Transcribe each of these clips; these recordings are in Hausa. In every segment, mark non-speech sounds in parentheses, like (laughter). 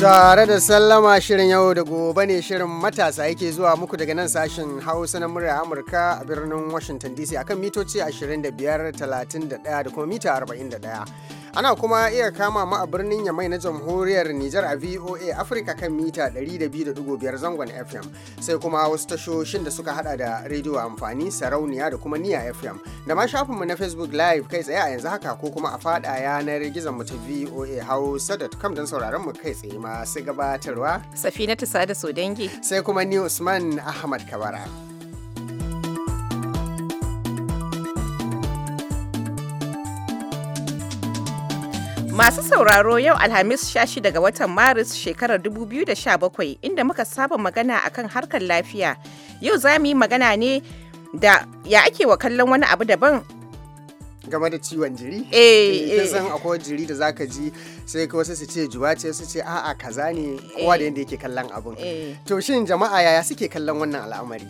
Tare da sallama shirin yau da gobe ne shirin matasa yake zuwa muku daga nan sashen Hausa na murya Amurka a birnin Washington DC akan mitoci 25, 31 da kuma mita 41. Ana kuma iya kama mu a birnin Yamai na Jamhuriyar Nijar a VOA Africa kan mita biyar zangon FM sai kuma wasu tashoshin da suka hada da rediyo amfani sarauniya da kuma niya FM da ma shafinmu na Facebook Live kai tsaye a yanzu haka ko kuma a fada yanar gizon mu ta VOA Hausa.com don sauraron mu kai tsaye masu gabatarwa. Safina Tusa da Sodangi. Sai kuma ni Usman Ahmad Kabara. Masu sauraro yau Alhamis 16 daga watan Maris shekarar 2017 inda muka saba magana akan harkar lafiya. Yau za mu yi magana ne da ya ake wa kallon wani abu daban game da ciwon jiri? Eh, eh. eh. san akwai jiri da zaka ji sai ka wasu su ce juwa ce su ce a'a kaza ne kowa da eh. yadda yake kallon abun. Eh. To shin jama'a yaya suke kallon wannan al'amari?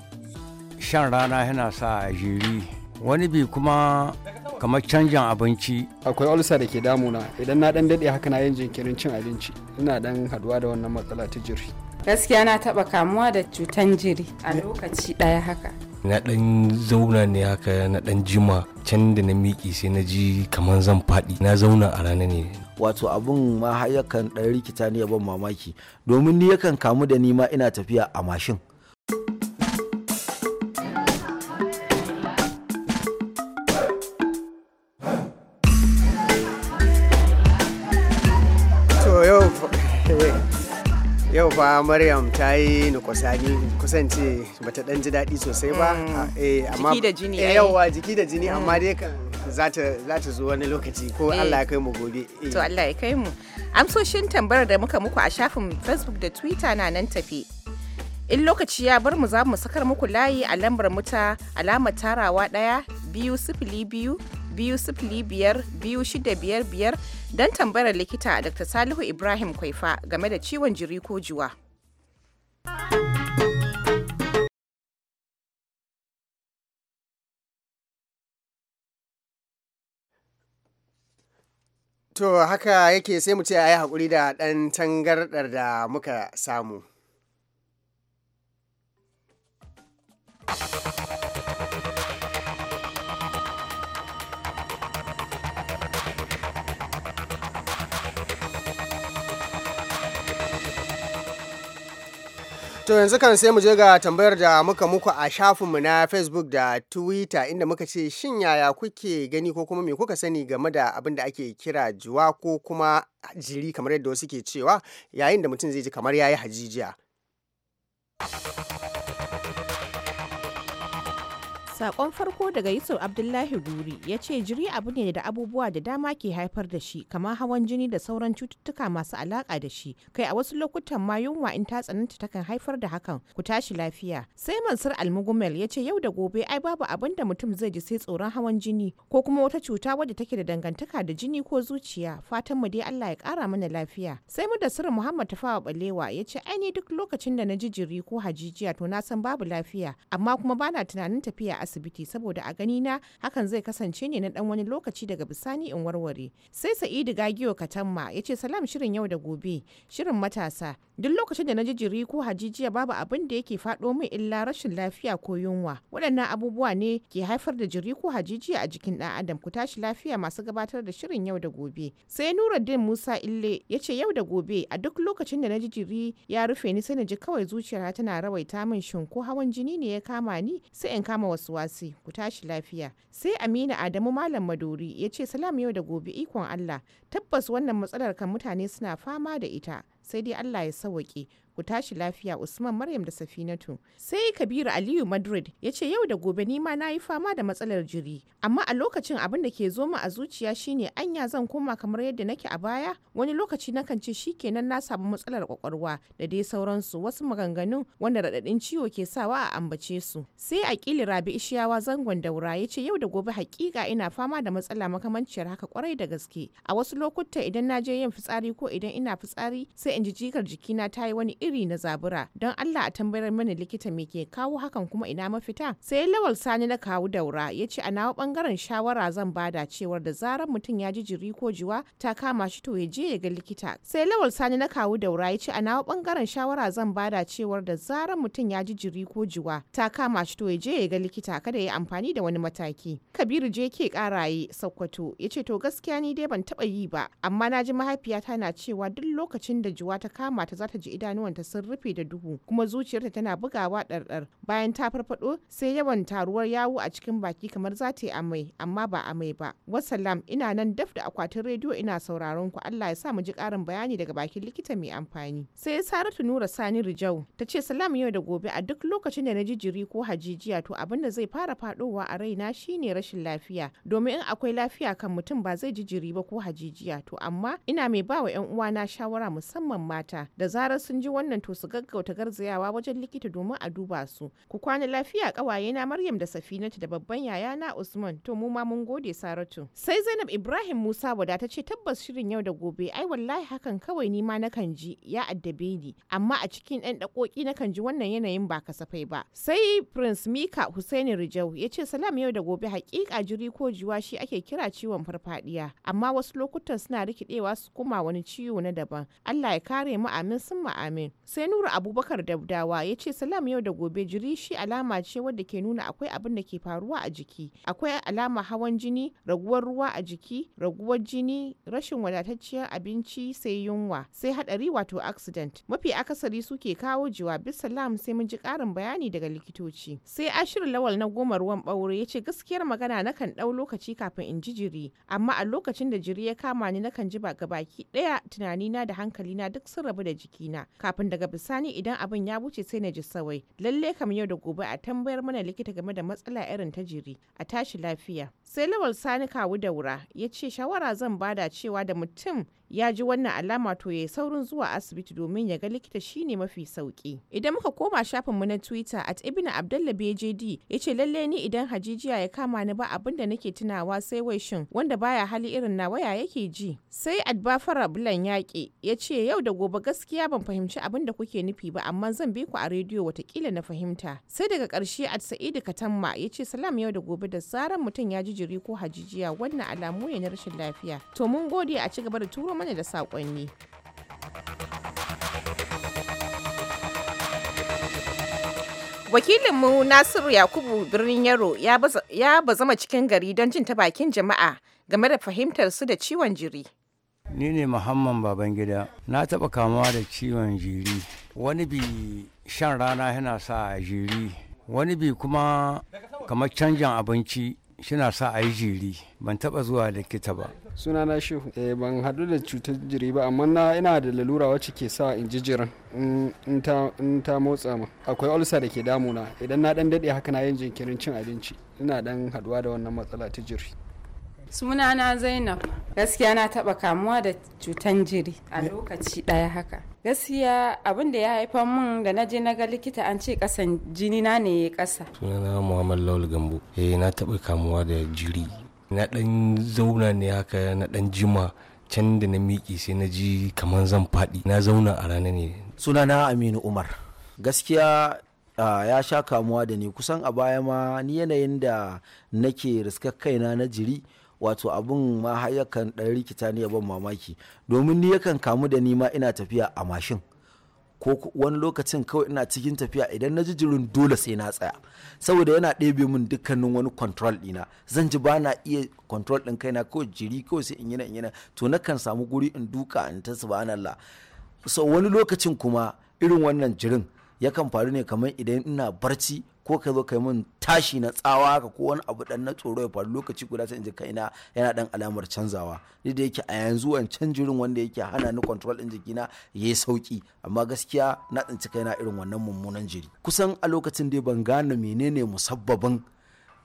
Shan rana yana sa jiri wani bi kuma kamar canjin abinci akwai ulcer da ke damuna idan na dan dade haka na yin jinkirin cin abinci ina dan haduwa da wannan matsala ta jiri gaskiya na taba kamuwa da cutan jiri a lokaci daya haka na dan zauna ne haka na dan jima can da na miƙe sai na ji kamar zan faɗi na zauna a rana ne wato abun ma har yakan dan rikita ni ya ban mamaki domin ni yakan kamu da ni ma ina tafiya a mashin fa maryam ta yi nukusani kusance bata dan ji daɗi sosai ba mm. ah, eh, jiki da jini eh, yawa jiki da jini amma mm. dai za ta zo wani lokaci ko eh. allah ya kai mu gobe to allah ya kai mu amsoshin tambayar da muka muku a shafin facebook da twitter na nan tafi in lokaci ya bar mu za mu sakar muku layi a lambar muta alamar tarawa ɗaya biyu sifili biyu 2055 don tambayar likita a Dr. Salihu Ibrahim Kwaifa game da ciwon jiri ko juwa. To haka yake sai mu ce a yi haƙuri da ɗan tangarɗar da muka samu. To yanzu kan sai mu je ga tambayar da muka muku a shafinmu na Facebook da Twitter inda muka ce shin yaya kuke gani ko kuma me kuka sani game da abin da ake kira juwa ko kuma jiri kamar yadda wasu ke cewa yayin da mutum zai ji kamar yayi hajijiya. Sakon farko daga Yusuf Abdullahi Guri ya ce jiri abu ne da abubuwa da dama ke haifar da shi kamar hawan jini da sauran cututtuka masu alaƙa da shi. Kai a wasu lokutan ma yunwa in ta tsananta takan haifar da hakan ku tashi lafiya. Sai Mansur Almugumel ya ce yau da gobe ai babu abin da mutum zai ji sai tsoron hawan jini ko kuma wata cuta wadda take da dangantaka da jini ko zuciya. Fatan mu dai Allah ya kara mana lafiya. Sai mu da Sir Muhammad Tafawa Balewa ya ce ai ni duk lokacin da na ji jiri ko hajijiya to na san babu lafiya amma kuma bana tunanin tafiya asibiti saboda a gani na hakan zai kasance ne na dan wani lokaci daga bisani in warware sai sa'idu gagiyo katamma ya ce salam shirin yau da gobe shirin matasa duk lokacin da na ji jiri ko hajijiya babu abin da yake faɗo min illa rashin lafiya ko yunwa waɗannan abubuwa ne ke haifar da jiri ko hajijiya a jikin ɗan adam ku tashi lafiya masu gabatar da shirin yau da gobe sai nuruddin musa ille ya ce yau da gobe a duk lokacin da na ji jiri ya rufe ni sai na ji kawai zuciyata tana rawaita min shin ko hawan jini ne ya kama ni sai in kama wasu wasi ku tashi lafiya sai amina adamu malam maduri ya ce salam yau da gobe ikon allah tabbas wannan matsalar kan mutane suna fama da ita sai dai Allah ya sawwake ku tashi lafiya Usman Maryam da Safinatu. Sai Kabiru Aliyu Madrid ya ce yau da gobe ni ma na yi fama da matsalar jiri, amma a lokacin abin da ke zo a zuciya shine anya zan koma kamar yadda nake a baya, wani lokaci nakan ce shikenan na samu matsalar kwakwalwa da dai sauransu wasu maganganun wanda raɗaɗin ciwo ke sawa a ambace su. Sai Akili Rabi Ishiyawa zangon daura ya ce yau da gobe hakika ina fama da matsala makamanciyar haka kwarai da gaske. A wasu lokuta idan na je yin fitsari ko idan ina fitsari sai in ji jikar jikina ta yi wani iri na zabura don Allah a tambayar mani likita me ke kawo hakan kuma ina mafita sai lawal sani na kawu daura ya ce a nawa bangaren shawara zan bada cewar da zarar mutum ya ji jiri ko jiwa ta kama shi to ya je ya ga likita sai lawal sani na kawo daura ya ce a nawa bangaren shawara zan bada cewar da zarar mutum ya ji jiri ko jiwa ta kama shi to ya je ya ga likita kada ya amfani da wani mataki kabiru je ke karaye sokoto ya ce to gaskiya ni dai ban taba yi ba amma na ji mahaifiyata na cewa duk lokacin da jiwa kishirwa ta kama ta za ta ji idanuwanta sun rufe da duhu kuma zuciyarta tana bugawa ɗarɗar bayan ta farfado sai yawan taruwar yawo a cikin baki kamar za ta yi amai amma ba amai ba wasalam ina nan daf da akwatin rediyo ina sauraron ku Allah ya sa mu ji ƙarin bayani daga bakin likita mai amfani sai Saratu Nura Sani Rijau ta ce salam yau da gobe a duk lokacin da na ji jiri ko hajijiya to abin da zai fara fadowa a raina shine rashin lafiya domin in akwai lafiya kan mutum ba zai ji jiri ba ko hajijiya to amma ina mai bawa 'yan uwana shawara musamman kan mata da zarar sun ji wannan to su gaggauta garzayawa wajen likita domin a duba su ku kwana lafiya kawaye na Maryam da Safinatu da babban yaya na Usman to mu ma mun gode Saratu sai Zainab Ibrahim Musa wada ta ce tabbas shirin yau da gobe ai wallahi hakan kawai ni ma nakan ji ya addabe ni amma a cikin ɗan dakoki nakan ji wannan yanayin ba kasafai ba sai Prince Mika Husaini Rijau ya ce salam yau da gobe hakika jiri ko jiwa shi ake kira ciwon farfadiya amma wasu lokutan suna rikidewa su kuma wani ciwo na daban Allah ya ya kare mu amin sun amin. Sai Nura Abubakar Dabdawa ya ce salam yau da gobe jiri shi alama ce wadda ke nuna akwai abin da ke faruwa a jiki. Akwai alama hawan jini, raguwar ruwa a jiki, raguwar jini, rashin wadatacciyar abinci sai yunwa, sai hadari wato accident. Mafi akasari suke kawo jiwa bis salam sai mun ji karin bayani daga likitoci. Sai Ashir Lawal na goma ruwan ɓaure ya ce gaskiyar magana nakan ɗau lokaci kafin in ji jiri, amma a lokacin da jiri ya kama ni nakan ji ba gabaki ɗaya tunanina da hankalina duk sun rabu da jikina kafin daga bisani idan abin ya wuce sai na ji sawai lalle kam yau da gobe a tambayar mana likita game da matsala irin ta jiri a tashi lafiya sai lawal sani kawu da daura ya ce shawara zan bada cewa da mutum ya ji wannan alama to ya yi saurin zuwa asibiti domin ya ga likita shine mafi sauki idan muka koma shafin mu na twitter at ibn abdullah bjd ya ce lallai ni idan hajijiya ya kama ni ba abin da nake tunawa sai wai shin wanda baya hali irin na waya yake ji sai adbafara bulan yaƙi ya ce yau da gobe gaskiya ban fahimci abin da kuke nufi ba amma zan bi ku a rediyo watakila na fahimta sai daga ƙarshe at sa'idu katamma ya ce salam yau da gobe da zaran mutum ya ji jiri ko hajijiya wannan alamu ne na rashin lafiya to mun gode a ci gaba da turo mana da sakonni. wakilinmu nasiru yakubu birnin yaro ya bazama cikin gari don jin ta bakin jama'a game da fahimtar su da ciwon jiri ni ne muhamman babangida na taɓa kamuwa da ciwon jiri wani bi shan rana yana sa a jiri wani bi kuma kamar canjin abinci shina sa a yi jiri ban taɓa zuwa likita ba suna na shehu eh, ban hadu da cutar jiri ba amma na ina da lalura wacce ke sa in ji jiran in ta motsa ma akwai olsa da ke damuna idan na dan dade haka na yin jinkirin cin abinci ina dan haduwa da wannan matsala ta jiri suna na zainab gaskiya na taba kamuwa da cutan jiri a lokaci daya haka gaskiya abin da ya haifar min da na je na ga likita an ce kasan jini na ne ya kasa na muhammad lawal gambo eh na taɓa kamuwa da jiri na ɗan zauna ne haka na ɗan jima can da na miƙi sai na ji kamar zan faɗi na zauna a rana ne sunana aminu umar gaskiya ya sha kamuwa da ni kusan a baya ma ni yanayin da nake riskar kaina na jiri wato abin ma har yakan ɗan rikita ni ban mamaki domin ni yakan kamu da ni ma ina tafiya a mashin ko wani lokacin kawai ina cikin tafiya idan na ji jirin dole sai na tsaya saboda yana ɗebe min dukkanin wani control ɗina zan ji ba na iya control ɗin kaina kawai jiri kawai sai in yana in yana to kan samu guri in duka in ta subhanallah so wani lokacin kuma irin wannan jirin yakan faru ne kamar idan ina barci ko ka zo ka yi min tashi na tsawa ka ko wani abu dan na tsoro ya faru lokaci guda sai in ji kaina yana dan alamar canzawa ni da yake a yanzu wancan jirin wanda yake hana ni control din jikina ya yi sauki amma gaskiya na tsinci kaina irin wannan mummunan jiri kusan a lokacin dai ban gane menene musabbabin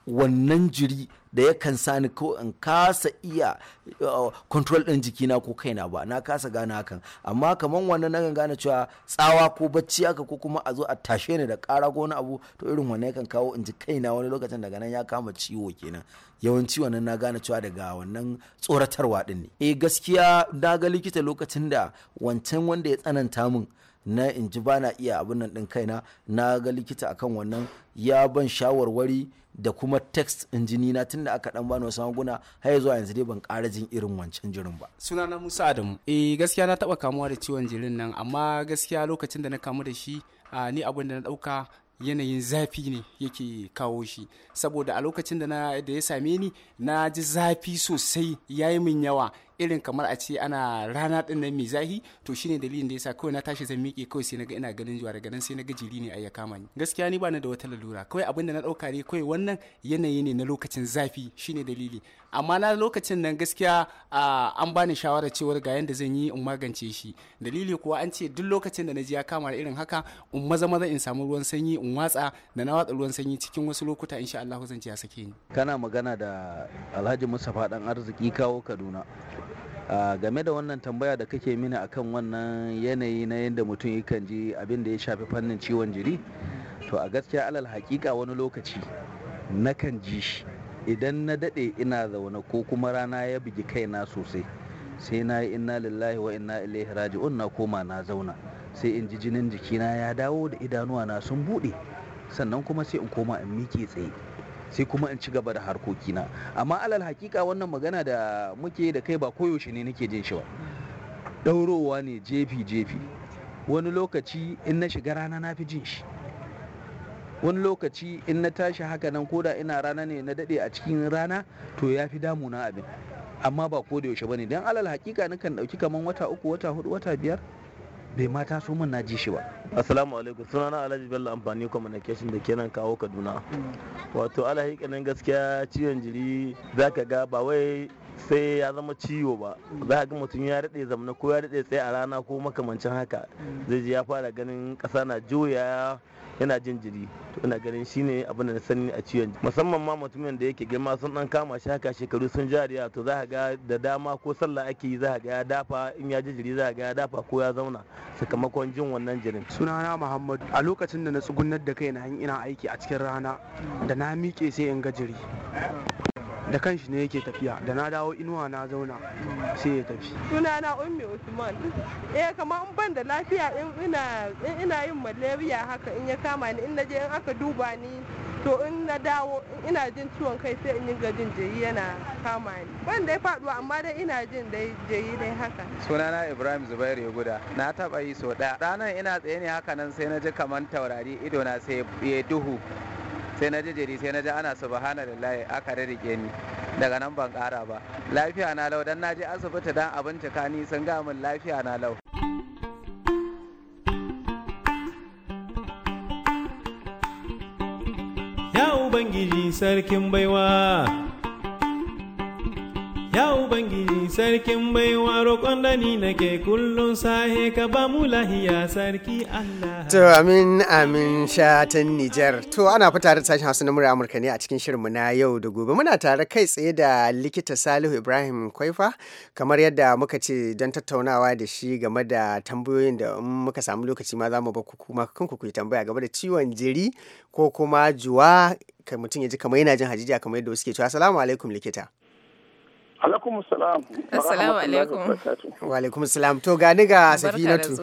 wannan jiri da yakan sani ko in kasa iya uh, control ɗin jikina ko kaina ba na kasa gane hakan amma kamar wannan na gane cewa tsawa ko bacci haka ko kuma a zo a tashe ni da ƙara ko wani abu to irin wannan yakan kawo in ji kaina wani lokacin daga nan ya kama ciwo kenan yawanci wannan na gane cewa daga wannan tsoratarwa ɗin ne eh gaskiya na ga likita lokacin da wancan wanda ya tsananta min na in ji bana iya abin nan din kaina na ga likita akan wannan ya ban shawarwari da kuma text injini na tunda aka dan bani wasu maguna har zuwa yanzu dai ban ƙara jin irin wancan jirin ba suna na Musa Adamu eh gaskiya na taba kamuwa da ciwon jirin nan amma gaskiya lokacin da na kamu da shi ni abin da na dauka yanayin zafi ne yake kawo shi saboda a lokacin da ya same ni na ji zafi sosai yayi min yawa irin kamar a ce ana rana din nan mai zahi to shine dalilin da yasa kawai na tashi zan miƙe kawai sai naga ina ganin jiwa daga nan sai naga jiri ne a ya kama ni gaskiya ni bani da wata lalura kawai abin da na dauka ne kawai wannan yanayi ne na lokacin zafi shine dalili amma na lokacin nan gaskiya an bani shawara cewar ga yanda zan yi in magance shi dalili kuwa an ce duk lokacin da na ji ya kama irin haka in maza maza in samu ruwan sanyi in watsa da na watsa ruwan sanyi cikin wasu lokuta insha Allah zan ji ya sake ni kana magana da Alhaji mustafa dan arziki kawo Kaduna game da wannan tambaya da kake mini akan wannan yanayi na yadda mutum yakan ji abin da ya shafi fannin ciwon jiri to a gaskiya alal hakika wani lokaci nakan ji shi idan na daɗe ina zaune ko kuma rana ya bugi kaina sosai sai na yi inna lillahi wa inna ilaihi raji'un na koma na zauna sai in ji jinin jikina ya dawo da idanuwa na sun buɗe sannan kuma sai in koma in miƙe tsaye sai kuma in ci gaba da harkokina amma alal hakika wannan magana da muke da kai ba koyaushe ne nake jin shi ba ɗaurowa ne jefi jefi wani lokaci in na shiga rana na fi jin shi wani lokaci in na tashi haka nan koda ina rana ne na daɗe a cikin rana to ya fi damuna abin amma ba ko da yaushe bane dan alal hakika nakan ɗauki kaman wata uku wata hudu wata biyar bai ma taso min na ji shi ba assalamu alaikum Suna sunana alhaji bello amfani communication da kenan kawo kaduna wato nan gaskiya ciwon jiri zaka ga ba wai sai ya zama ciwo ba za ga mutum ya daɗe zamna ko ya daɗe tsaye a rana ko makamancin haka zai ji ya fara ganin ƙasa na juya yana jin jiri to ina ganin shine abin da na sani a ciwon musamman ma mutumin da yake girma sun dan kama shi haka shekaru sun jariya to za ga da dama ko sallah ake yi za ga ya dafa in ya ji jiri za ga ya dafa ko ya zauna sakamakon jin wannan jirin sunana muhammad a lokacin da na tsugunar da kai na ina aiki a cikin rana da na miƙe sai in ga jiri da kanshi ne yake tafiya da na dawo inuwa na zauna sai ya tafi Suna na ummi usman eh kamar in ban da lafiya in ina in ina yin malaria haka in ya kama ni in naje in aka duba ni to in na dawo ina jin ciwon kai sai in yi gajin jayi yana kama ni ban dai faduwa amma dai ina jin dai jayi dai haka Suna na ibrahim zubairu ya guda na taba yi so da ranar ina tsaye ne haka nan sai na ji kamar taurari ido na sai ya duhu sai na jejeri sai na ji ana lillahi aka rarrike ni daga nan ban kara ba lafiya na lau dan naje asibiti dan abin ni sun ga min lafiya na lau ya ubangiji sarkin baiwa Ya Ubangiji sarkin baiwa roƙon da nake kullum sahe ka ba mu lahiya sarki Allah. To amin amin shatan Nijar. To ana fita da sashen Hausa na murya Amurka ne a cikin shirinmu na yau da gobe. Muna tare kai tsaye da likita Salihu Ibrahim Kwaifa kamar yadda muka ce don tattaunawa da shi game da tambayoyin da muka samu lokaci ma za mu ba kuma kanku ku yi tambaya game da ciwon jiri ko kuma juwa mutum ya ji kamar yana jin hajijiya kamar yadda wasu ke cewa. Assalamu alaikum likita. alaikum salam assalamu alaikum wa alaikum salam to gani ga safinatu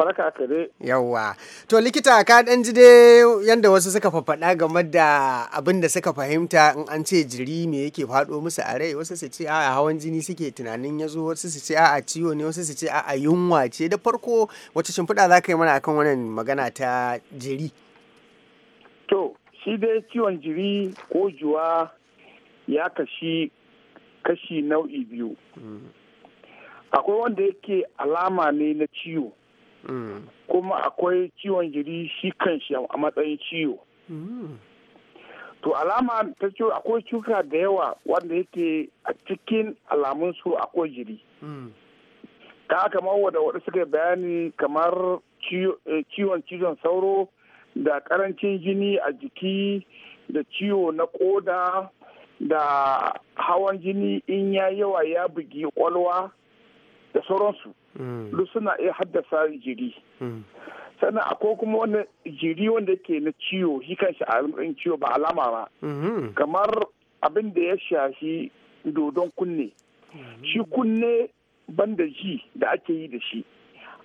farka ka dai yawa to likita ka dan ji dai yanda wasu suka faɗa game da abin da suka fahimta in an ce jiri me yake faɗo musu a rai wasu su ce a hawan jini suke tunanin ya zo wasu su ce a ciwo ne wasu su ce a yunwa ce da farko wacce shimfiɗa za ka yi mana akan wannan magana ta jiri to shi dai ciwon jiri ko juwa ya kashi kashi nau'i biyu akwai wanda yake alama ne na ciwo kuma akwai ciwon jiri shi kanshi a matsayin ciwo to alama ta ciwo akwai cuka da yawa wanda yake a cikin alamunsu akwai jiri ta kamar wadda wadda suka bayani kamar eh, ciwon cizon sauro da karancin jini a jiki da ciwo na koda da hawan jini in ya yawa ya bugi kwalwa da sauransu mm. duk suna iya haddasa jiri mm. sannan akwai kuma wani jiri wanda ke na ciwo shi kanshi a ciwo ba alama ba mm-hmm. kamar abin da ya shafi dodon kunne mm-hmm. shi kunne banda ji da ake yi da shi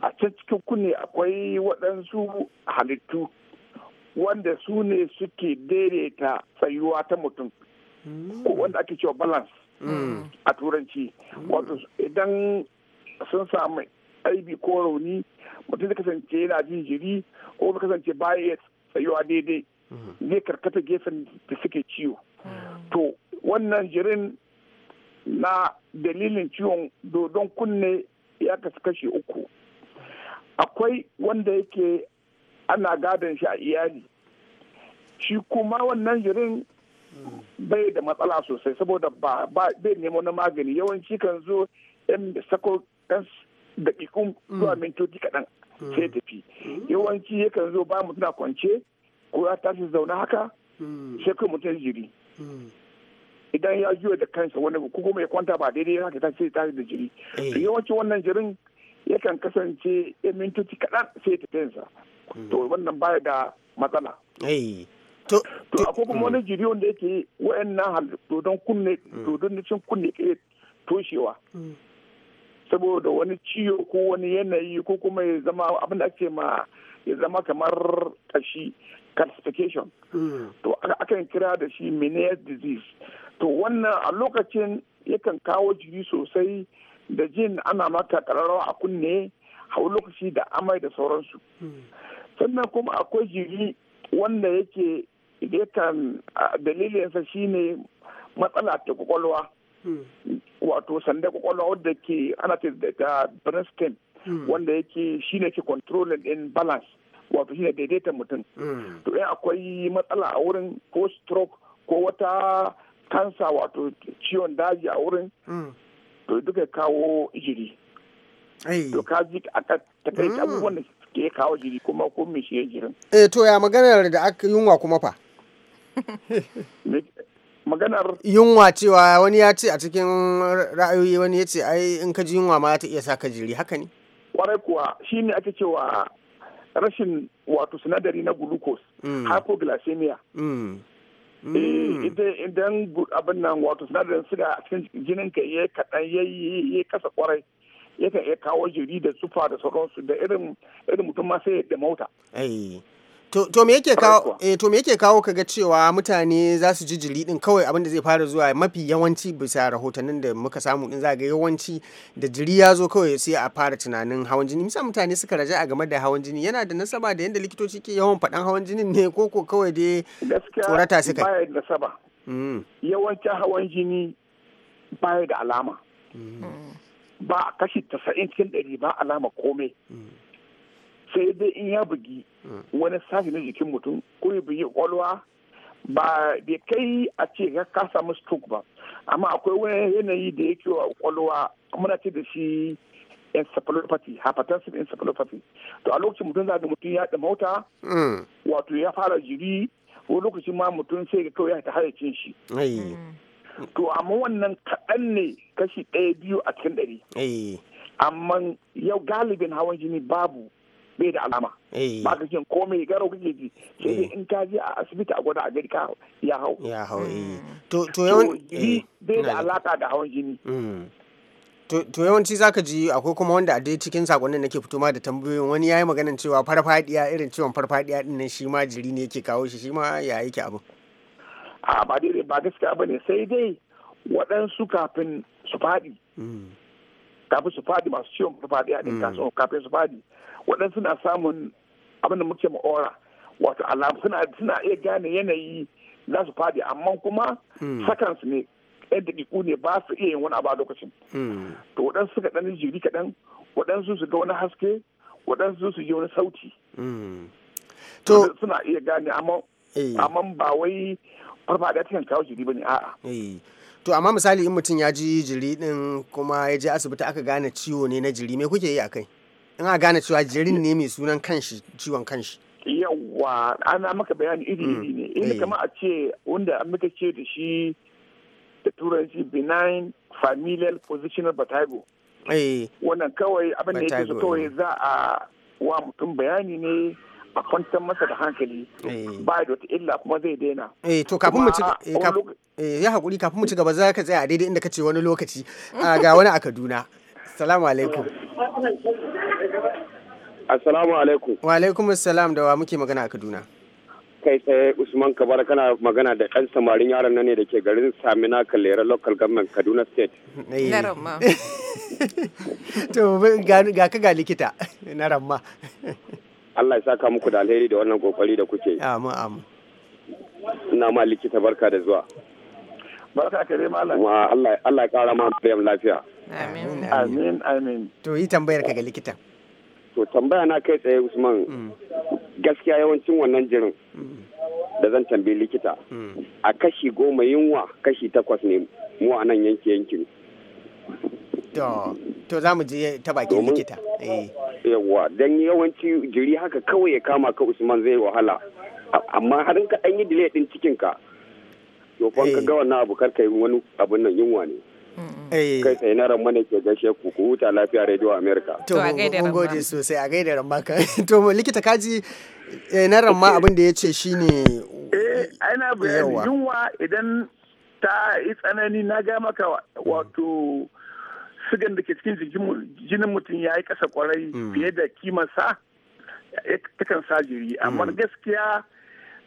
a can cikin kunne akwai waɗansu halittu wanda su ne suke daidaita tsayuwa ta mutum ko wanda ake cewa balance a turanci wato idan sun samu aibi ko rauni mutum zai kasance yana jin jiri ko zai kasance baya tsayuwa daidai zai karkata gefen da suke ciwo to wannan jirin na dalilin ciwon dodon kunne ya kasu kashe uku akwai wanda yake ana gadon shi a iyali shi kuma wannan jirin bai da matsala sosai saboda ba bai nemo na magani yawanci kan zo yan sako kan daƙiƙun zuwa mm. mintoci kaɗan mm. sai tafi mm. yawanci yakan zo ba mutum na kwance ko ya tashi zaune haka sai kai mutum jiri idan ya juya da kansa wani ko kuma ya kwanta ba daidai haka ta sai tashi da jiri eh. yawanci wannan jirin yakan kasance yan mintoci kaɗan sai tafiyansa to wannan baya da matsala. Eh. to akwai kuma wani mm. jiri wanda yake wayannan dodon kunne mm. cin kunne ke toshewa mm. saboda wani ciwo ko wani yanayi ko kuma ya zama abin da ake ma ya zama kamar kashi calcification to akan kira da shi Meniere's disease to wannan a lokacin yakan kawo jiri sosai da jin ana maka kararrawa a kunne hau lokaci da amai da sauransu sannan kuma akwai jiri wanda yake yakan dalilinsa shine matsala ta kwakwalwa hmm. wato sanda kwakwalwa wadda ke ana ce da brainstem hmm. wanda yake shine ke controlling in balance wato shine daidaita mutum hmm. to in akwai matsala a wurin ko stroke ko wata kansa wato ciwon daji a wurin to duka kawo jiri to ka ji aka takaice abubuwan da ke kawo jiri kuma ko me shi jirin eh to ya maganar da aka yunwa kuma fa maganar yunwa cewa wani ya ce a cikin ra'ayoyi wani ya ce ai in ka ji yunwa ma ta iya sa ka jiri haka ne kwarai kuwa shi ne ake cewa rashin wato sinadari na glucose mm. hypoglycemia mm. Eh, mm. idan abin nan wato sinadarin siga a cikin jinin ka ya kadan ya kasa kwarai yakan iya kawo jiri da tsufa da sauransu da irin mutum ma sai da da mauta to me yake kawo eh to kaga cewa mutane za su ji jiri din kawai abin da zai fara zuwa mafi yawanci bisa rahotannin da muka samu din za ga yawanci da jiri ya zo kawai sai a fara tunanin hawan jini misali mutane suka raja a game da hawan jini yana da nasaba da yadda likitoci ke yawan faɗan hawan jinin ne ko ko kawai dai tsorata suka gaskiya da nasaba mm. yawancin hawan jini baya da alama mm. ba kashi 90 cikin 100 ba alama komai mm. sai dai in ya bugi wani sashi na jikin mutum ko ya bugi kwalwa ba bai kai a ce ka samu stroke ba amma akwai wani yanayi da yake wa kwalwa muna ce da shi encephalopathy hypertensive encephalopathy to a lokacin mutum ga mutum ya da mota mm. wato ya fara jiri wani lokacin ma mutum sai ga kawai ya ta hayacin shi mm. to amma wannan kaɗan ne kashi ɗaya biyu a cikin ɗari amma yau galibin hawan jini babu bai da alama eh. ba ka jin komai garo kake ji sai dai eh. in ka je a asibiti a gwada a gari ka ya hau ya hau eh. hmm. to to yawan bai da alaka da hawan jini hmm. to yawanci zaka ji akwai kuma wanda a dai cikin sakonnin nake fito ma da tambayoyin wani yayi maganin cewa farfadiya irin ciwon farfadiya din nan shi ma jiri ne yake kawo shi shi ma ya yake abu? a ba dai ba gaskiya bane sai dai waɗansu kafin su faɗi hmm. kafin su faɗi masu ciwon farfadiya din kafin su faɗi waɗansu na samun abin da muke ma'ora wato alam suna iya gane yanayi za su faɗi amma kuma hmm. sakansu ne yan dakiku ne ba su iya yin wani abu a lokacin hmm. to waɗansu suka ɗan jiri kaɗan waɗansu su ga wani haske waɗansu su ji wani sauti hmm. to suna iya gane amma eh. ba wai farfaɗa ta kawo jiri ba ne a'a eh. to amma misali in mutum ya ji jiri din kuma ya je asibiti aka gane ciwo ne na jiri me kuke yi a kai ina gane cewa jirin ne mai sunan kanshi ciwon kanshi yawa ana maka bayani iri-iri ne mm. inda eh. kama a ce wanda muka ce da shi da turanci benign familial positional vertigo eh. wannan kawai abin da yake so kawai eh. za a wa mutum bayani ne a kwantar masa da hankali ba da wata illa kuma zai daina. Eh to kafin mu ci ya hakuri kafin mu ci gaba za ka tsaya a daidai inda kace wani lokaci ah, ga wani a Kaduna. Salamu alaikum. Assalamu alaikum. Wa alaikum assalam da wa muke magana a Kaduna. Kai tsaye Usman Kabar kana magana da ɗan samarin yaron nan ne da ke garin Samina Kalera Local Government Kaduna State. Na ramma. (laughs) To ga ka ga likita na ramma. Allah ya saka muku da alheri da wannan kokari da kuke. Amin amin. Ina ma likita barka da zuwa. Barka ka dai malam. Allah ya kara ma lafiya. Amin, amin. To yi tambayar ka ga likita. To tambaya na kai tsaye Usman mm. gaskiya yawancin wannan jirin mm. da zan tambayi likita. Mm. A kashi goma yunwa kashi takwas ne mu a nan yanki yankin. To, to za mu je ta bakin likita. Eh. Yawwa, don yawanci jiri haka kawai ya kama ka Usman zai wahala. Amma harin ka ɗan yi dile ɗin cikinka. To, ka eh. ga wannan abu karka yi wani abin nan yunwa ne. Eh. kai tsaye na ramma ne ke gashe ku ku huta lafiya radio america to a ramma gode sosai a gaida ramma ka (laughs) to likita kaji eh, na ramma abin da ya ce shine eh ana bayani yunwa idan ta yi tsanani na ga maka wato sigan da ke cikin jinin mutum ya yi kasa kwarai mm. fiye da kimarsa takan sajiri amma mm. gaskiya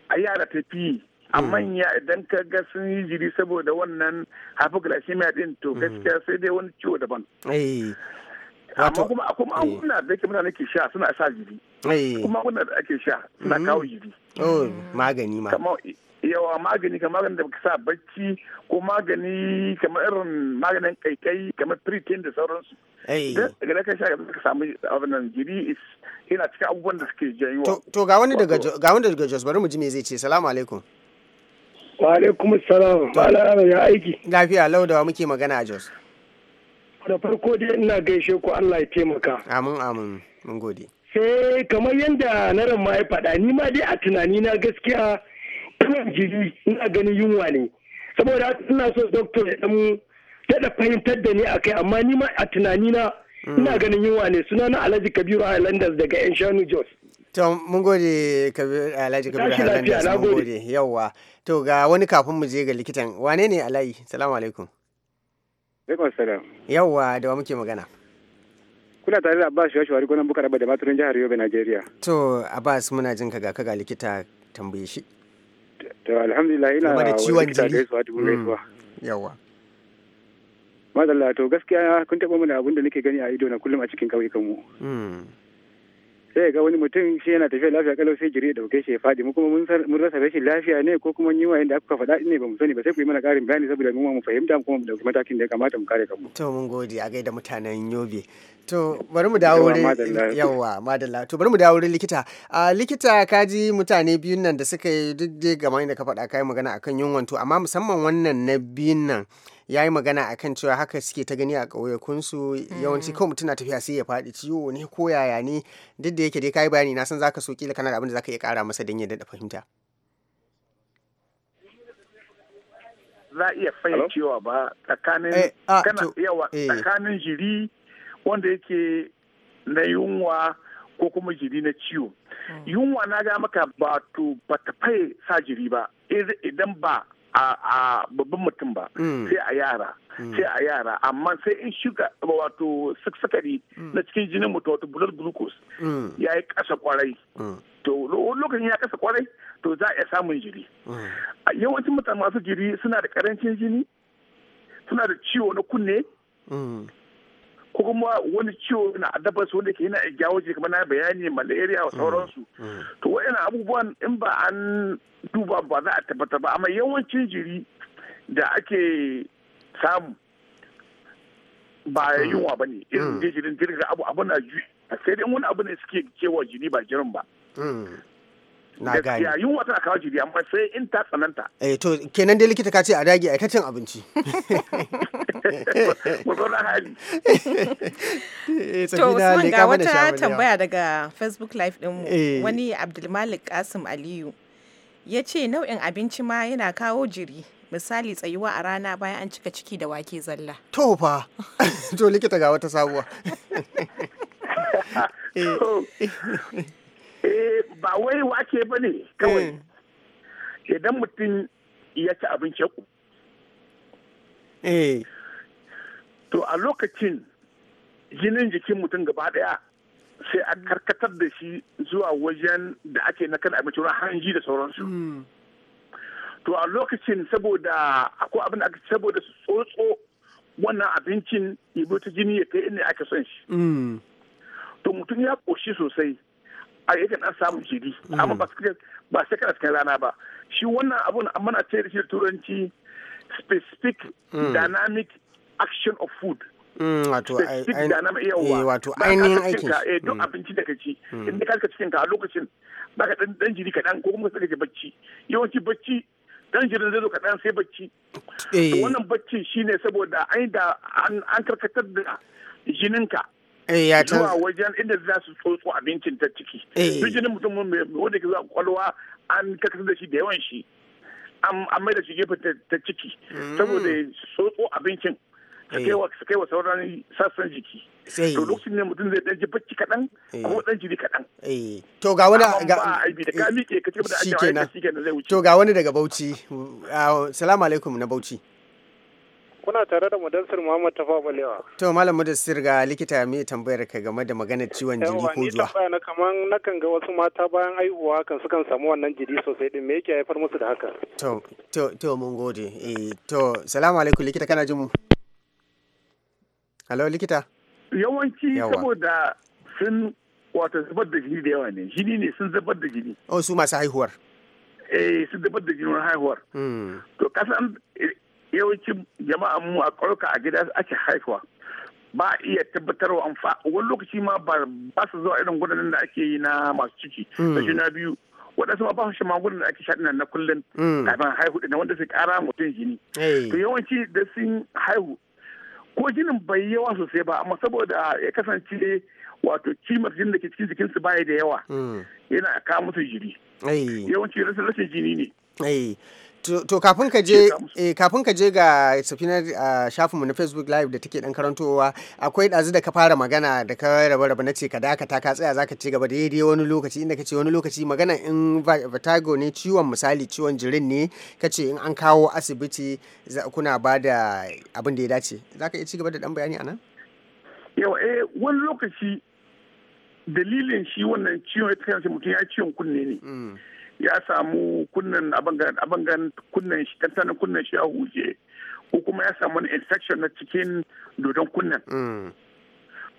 a yara tafi. amma hmm. ya idan ka ga sun yi jiri saboda wannan hypoglycemia din to hmm. gaskiya sai dai wani ciwo daban eh. amma kuma kuma eh. magunguna da ke mutane ke sha suna sa jiri eh. kuma magunguna da ake sha suna hmm. kawo jiri oh, magani ma yawa magani kamar magani da ka sa bacci ko magani kamar irin maganin kaikai kamar pretain da sauransu daga da ka sha yanzu ka samu abinan jiri yana cikin abubuwan da suke jayuwa to ga wani daga Jos bari mu ji me zai ce salamu alaikum Wa alaikum salam. Ala ya aiki. Lafiya laudawa muke magana a Jos. Da farko dai ina gaishe ku Allah ya taimaka. Amin amin mun gode. Sai kamar yadda na ran ma ya ni ma dai a tunani na gaskiya ina jiri ina ganin yunwa ne. Saboda ina so doctor ya dan daɗa fahimtar da ni akai amma ni ma a tunani na mm. ina ganin yunwa ne suna na Alhaji Kabiru islanders daga Yan Shanu Jos. To mun gode Alhaji Kabiru da mun gode yawa. To ga wani kafin mu je ga likitan wane ne Alayi? Salamu alaikum. Alaikum salam. Yawa da wa muke magana. Kuna tare da Abbas Shawari Wari gonan Bukar da Maturin jihar Yobe Najeriya. To Abbas muna jin ka ga ka ga likita tambaye shi. To alhamdulillah ina da ciwon jini. Yawa. Mm, Madalla to gaskiya kun taɓa mana abin da nake gani a ido na kullum a cikin ƙauyukan mu. Mm. sai ga wani mutum shi yana tafiya lafiya kalau sai jiri ya dauke shi ya fadi mu kuma mun rasa rashin lafiya ne ko kuma wayan da aka faɗa ne ba mu sani ba sai ku yi mana ƙarin bayani saboda mu mu fahimta kuma mu matakin da ya kamata mu kare kanmu to mun gode a gaida mutanen Yobe to bari mu dawo wuri yawa madalla to bari mu dawo wuri likita a likita ji mutane biyun nan da suka yi duk dai game da ka faɗa kai magana akan yunwan to amma musamman wannan na biyun nan ya yi magana a kan cewa haka suke ta gani a ƙauyakunsu yawanci kawai mutum na tafiya sai ya faɗi ciwo ne ko yaya ne duk da yake dai kayi bayani na san zaka so kila kana da abin da zaka iya ƙara masa don ya daɗa fahimta. za a iya cewa ba tsakanin eh, ah, kana yawa eh. tsakanin jiri wanda yake na yunwa ko kuma jiri na ciwo hmm. yunwa na ga maka ba to ba ta faye sa jiri ba idan ba a babban mutum ba mm. sai a yara mm. sai a yara amma sai in shuka wato sakari mm. na cikin jinin mutum wato blood glucose ya yi kasa kwarai to lokacin ya kasa kwarai to za a iya samun jiri yawancin mutane masu jiri suna da karancin jini suna da ciwo na kunne ko kuma wani ciwo na adabas wanda ke yana gyawo ce kamar na bayani malaria wa mm. sauransu mm. to waɗannan abubuwan in ba an duba ba za a tabbatar ba amma yawancin jiri da ake samu ba mm. yunwa ba ne irin jirin jirgin abu abu na a sai dai wani abu ne suke cewa jini ba jirin ba na gane yunwa tana kawo jiri amma sai in ta tsananta eh to kenan dai likita ka ce a dage a cin abinci (laughs) (laughs) eh, to Usman ga wata tambaya daga Facebook live din eh. wani Abdulmalik Kasim Aliyu ya ce nau'in abinci ma yana kawo jiri misali tsayuwa a rana bayan an cika ciki da wake zalla to fa (laughs) to likita ga wata sabuwa eh. eh ba wai wake ba ne kawai hmm. idan mutum ya ci abinci ku eh. to a lokacin jinin jikin mutum gaba daya sai a karkatar da shi zuwa wajen da ake na kan abinci wurin hanji da sauransu hmm. to a lokacin saboda akwai abin da saboda su tsotso wannan abincin ibo ta jini ya kai inda ake son shi hmm. to mutum ya koshi sosai a an dan samun jiri hmm. amma ba ba sai kana cikin rana ba shi wannan abun amma mana ce da shi turanci specific hmm. dynamic action of food hmm, wato eh, wato ainihin aikin shi eh, duk abinci da ka in ka ka cikin ka a lokacin baka dan dan jiri kaɗan ko kuma ka je bacci yawanci bacci dan jirin zai zo kaɗan sai bacci eh. wannan bacci shine saboda an da an karkatar da jininka Eh, ya zuwa wajen inda za su tsotso abincin ta ciki eh. duk jinin mutum wanda ke zuwa kwalwa an kakasar da shi da yawan shi an mai da shi gefe ta ciki mm. saboda tsotso abincin eh. su kai wa sauran sassan jiki to lokacin ne mutum zai bacci kaɗan jiri kaɗan to ga wani ga aibi da ka miƙe ka ce da shi kenan to ga wani daga Bauchi uh, salamu alaikum na Bauchi kuna tare da mudassir muhammad tafa balewa to malam mudassir ga likita me tambayar ka game da maganar ciwon jini ko zuwa yawa na kaman nakan ga wasu mata bayan aihuwa kan sukan samu wannan jini sosai din me yake haifar musu da haka to to to mun gode eh to salamu alaikum likita kana jin mu hello likita yawanci saboda sun wato zubar da jini da yawa ne jini ne sun zubar da jini oh su masu haihuwar eh sun zubar da jini haihuwar hmm. to kasan yawancin jama'a mu a ƙauyuka a gida ake haifuwa ba a iya tabbatarwa amfa wani lokaci ma ba su zuwa irin gudanar da ake yi na masu ciki hmm. da juna biyu waɗansu ma ba su magungunan da ake sha na kullum hmm. kafin haihu na wanda su ƙara mutum jini to yawanci da sun haihu ko jinin bai yawa sosai ba amma saboda ya kasance wato kimar jinin da ke cikin jikinsu baya da yawa hmm. yana kawo musu jini. yawanci rashin jini ne eh to kafin ka je eh, kafin ka je ga safinar ah, shafinmu na facebook live da take dan karantowa akwai ɗazu da ka fara magana da ka raba raba na ce ka dakata ka tsaya zaka ci gaba daidai wani lokaci inda ka ce wani lokaci magana in vertigo ne ciwon misali ciwon jirin ne ka ce in an kawo asibiti kuna ba da abin da ya dace zaka iya ci gaba da dan bayani anan yawa eh wani lokaci dalilin shi wannan ciwon ya mutum ya ciwon kunne ne mm. ya samu kunnan abangan kunnan shi tantanin kunnan shi ya huje ko kuma ya samu wani infection na cikin dodon kunnan mm.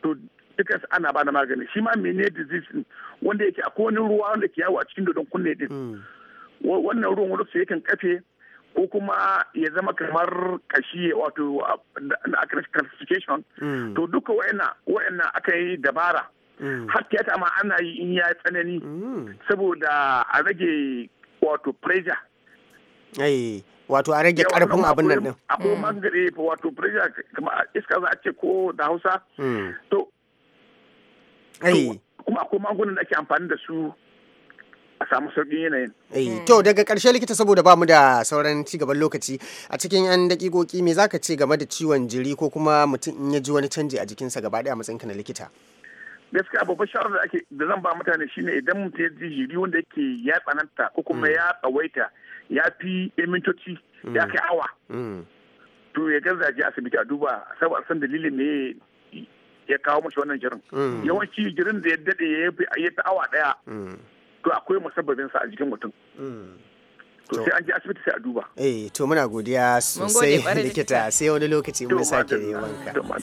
to duka ana ba magani shi ma mene disease wanda yake akwai wani ruwa wanda ke yawo a cikin dodon kunne din mm. wannan ruwan wani su yakan kafe ko kuma ya zama kamar kashi wato na classification mm. to duka wa'ina wa'ina aka yi dabara Mm. hatta ma ana yi in ya tsanani mm. saboda a rage wato pressure wato a rage karfin abin nan din akwai bangare mm. wato pressure kuma iska za a ce ko da hausa to kuma ko magunan da ake amfani da su a samu sauƙin yanayin. Eh, to daga ƙarshe likita saboda bamu da sauran cigaban lokaci a cikin 'yan dakikoki me zaka ce game da ciwon jiri ko kuma mutum in ya ji wani canji a jikinsa gaba ɗaya a matsayinka na likita? gaskiya babbar shawarar da ake da zan ba mutane shine idan mutum ya ji jiri wanda yake ya tsananta ko kuma mm. ya tsawaita ya fi mintoci mm. ya kai awa mm. to ya garzaje asibiti a duba saboda san dalilin ne ya kawo mashi wannan jirin yawanci jirin da ya dade ya fi awa daya to akwai musabbabin sa a jikin mutum to sai an je asibiti sai a duba eh to muna godiya sosai likita sai wani lokaci mun sake yi wanka.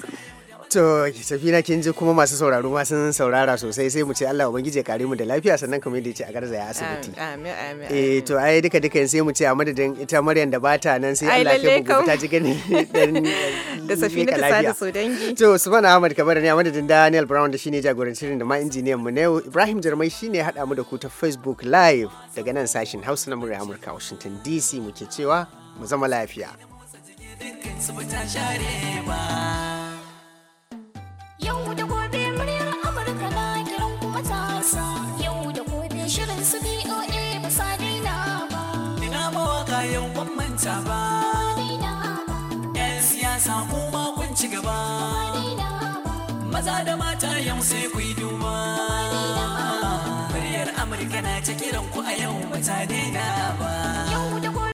To, Safina kin ji kuma masu sauraro ma sun saurara sosai sai mu ce Allah ubangije kare mu da lafiya sannan kamar yadda ya ce a garzaya asibiti. Amin amin. Eh to ai duka duka sai mu ce a madadin ita Maryam da bata nan sai Allah ya mu ta ji gani dan (laughs) da Safina ta sada so dangi. To, Subhana Ahmad Kabara ne a madadin Daniel Brown da shine shirin da ma injiniyan mu Neo Ibrahim Jarmai shine hada mu da ku ta Facebook Live daga nan sashin Hausa na murya Amurka Washington DC muke cewa mu zama lafiya. Su ta share ba. Yau da gobe muryar Amurka na kiran kuma tasa. Yau da gobe shirin su BOA ba sa ba. Ina mawaka yau ban manta ba. Yan siyasa kuma ci gaba. Maza da mata yau sai ku yi duba. Muryar Amurka na ta kiran ku a yau ba ta ba.